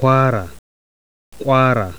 kwara, kwara